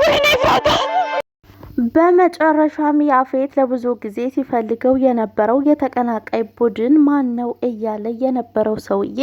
ওরে নাই ফ্রাতা በመጨረሻም ያፌት ለብዙ ጊዜ ሲፈልገው የነበረው የተቀናቃይ ቡድን ማን ነው እያለ የነበረው ሰውዬ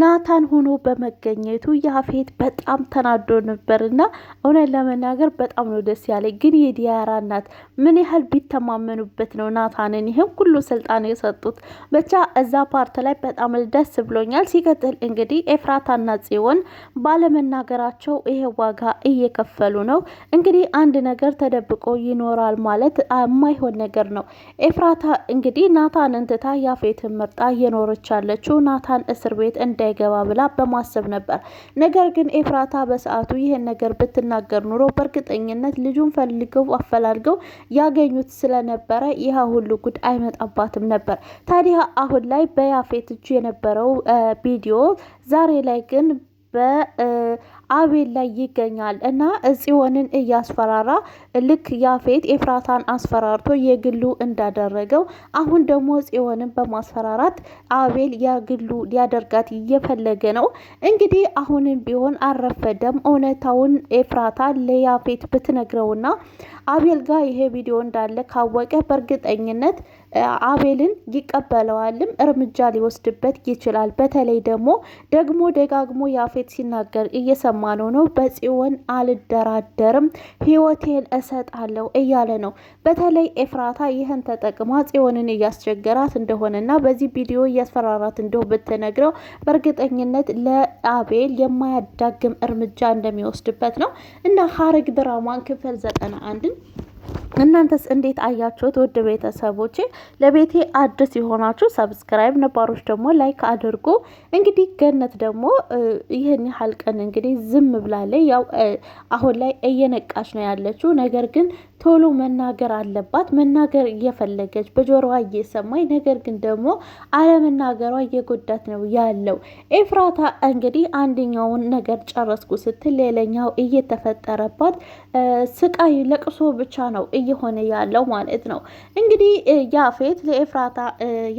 ናታን ሆኖ በመገኘቱ ያፌት በጣም ተናዶ ነበርና እውነት ለመናገር በጣም ነው ደስ ያለ። ግን የዲያራ እናት ምን ያህል ቢተማመኑበት ነው ናታንን ይህም ሁሉ ስልጣን የሰጡት? ብቻ እዛ ፓርት ላይ በጣም ደስ ብሎኛል። ሲቀጥል እንግዲህ ኤፍራታና ጽዮን ባለመናገራቸው ይሄ ዋጋ እየከፈሉ ነው። እንግዲህ አንድ ነገር ተደብቆ ይኖራል ማለት የማይሆን ነገር ነው። ኤፍራታ እንግዲህ ናታን እንትታ ያፌትን መርጣ እየኖረች ያለችው ናታን እስር ቤት እንዳይገባ ብላ በማሰብ ነበር። ነገር ግን ኤፍራታ በሰዓቱ ይህን ነገር ብትናገር ኑሮ በእርግጠኝነት ልጁን ፈልገው አፈላልገው ያገኙት ስለነበረ ይህ ሁሉ ጉድ አይመጣባትም ነበር። ታዲያ አሁን ላይ በያፌት እጅ የነበረው ቪዲዮ ዛሬ ላይ ግን በ አቤል ላይ ይገኛል እና ጽዮንን እያስፈራራ ልክ ያፌት ኤፍራታን አስፈራርቶ የግሉ እንዳደረገው አሁን ደግሞ ጽዮንን በማስፈራራት አቤል የግሉ ሊያደርጋት እየፈለገ ነው። እንግዲህ አሁንም ቢሆን አረፈደም። እውነታውን ኤፍራታ ለያፌት ብትነግረውና አቤል ጋር ይሄ ቪዲዮ እንዳለ ካወቀ በእርግጠኝነት አቤልን ይቀበለዋልም እርምጃ ሊወስድበት ይችላል። በተለይ ደግሞ ደግሞ ደጋግሞ ያፌት ሲናገር እየሰማ ነው። በጽዮን አልደራደርም ህይወቴን እሰጣለሁ እያለ ነው። በተለይ ኤፍራታ ይህን ተጠቅማ ጽዮንን እያስቸገራት እንደሆነና በዚህ ቪዲዮ እያስፈራራት እንደሁ ብትነግረው በእርግጠኝነት ለአቤል የማያዳግም እርምጃ እንደሚወስድበት ነው እና ሀረግ ድራማን ክፍል ዘጠና አንድን እናንተስ እንዴት አያችሁት? ውድ ቤተሰቦቼ ለቤቴ አዲስ የሆናችሁ ሰብስክራይብ፣ ነባሮች ደግሞ ላይክ አድርጉ። እንግዲህ ገነት ደግሞ ይህን ያህል ቀን እንግዲህ ዝም ብላለች። ያው አሁን ላይ እየነቃች ነው ያለችው። ነገር ግን ቶሎ መናገር አለባት። መናገር እየፈለገች በጆሮዋ እየሰማኝ፣ ነገር ግን ደግሞ አለመናገሯ እየጎዳት ነው ያለው። ኤፍራታ እንግዲህ አንደኛውን ነገር ጨረስኩ ስትል ሌላኛው እየተፈጠረባት ስቃይ፣ ለቅሶ ብቻ ነው እየሆነ ያለው ማለት ነው። እንግዲህ ያፌት ለኤፍራታ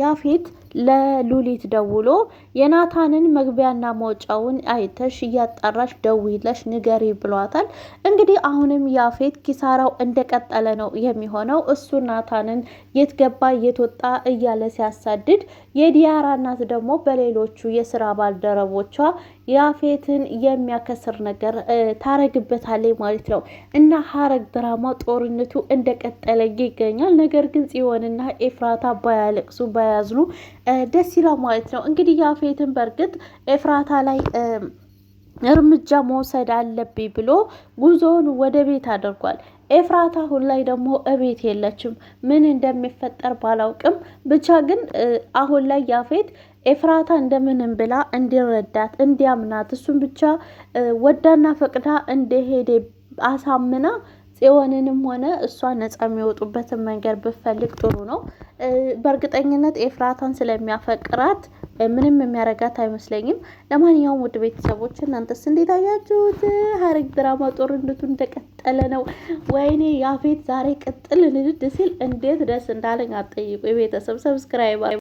ያፌት ለሉሊት ደውሎ የናታንን መግቢያና መውጫውን አይተሽ እያጣራሽ ደውለሽ ንገሪ ብሏታል። እንግዲህ አሁንም ያፌት ኪሳራው እንደቀጠለ ነው የሚሆነው። እሱ ናታንን የት ገባ የት ወጣ እያለ ሲያሳድድ፣ የዲያራ እናት ደግሞ በሌሎቹ የስራ ባልደረቦቿ ያፌትን የሚያከስር ነገር ታረግበታለች ማለት ነው። እና ሀረግ ድራማ ጦርነቱ እንደቀጠለ ይገኛል። ነገር ግን ጽዮንና ኤፍራታ ባያለቅሱ ባያዝኑ ደስ ይላል ማለት ነው። እንግዲህ ያፌትን በእርግጥ ኤፍራታ ላይ እርምጃ መውሰድ አለብኝ ብሎ ጉዞውን ወደ ቤት አድርጓል። ኤፍራታ አሁን ላይ ደግሞ እቤት የለችም። ምን እንደሚፈጠር ባላውቅም ብቻ ግን አሁን ላይ ያፌት ኤፍራታ እንደምንም ብላ እንዲረዳት እንዲያምናት እሱን ብቻ ወዳና ፈቅዳ እንደሄደ አሳምና ጽዮንንም ሆነ እሷ ነጻ የሚወጡበትን መንገድ ብፈልግ ጥሩ ነው። በእርግጠኝነት ኤፍራታን ስለሚያፈቅራት ምንም የሚያረጋት አይመስለኝም። ለማንኛውም ውድ ቤተሰቦች እናንተስ እንዴት አያችሁት? ሐረግ ድራማ ጦርነቱ እንደቀጠለ ነው። ወይኔ ያፌት ዛሬ ቅጥል ንድድ ሲል እንዴት ደስ እንዳለኝ አትጠይቁ። የቤተሰብ ሰብስክራይበር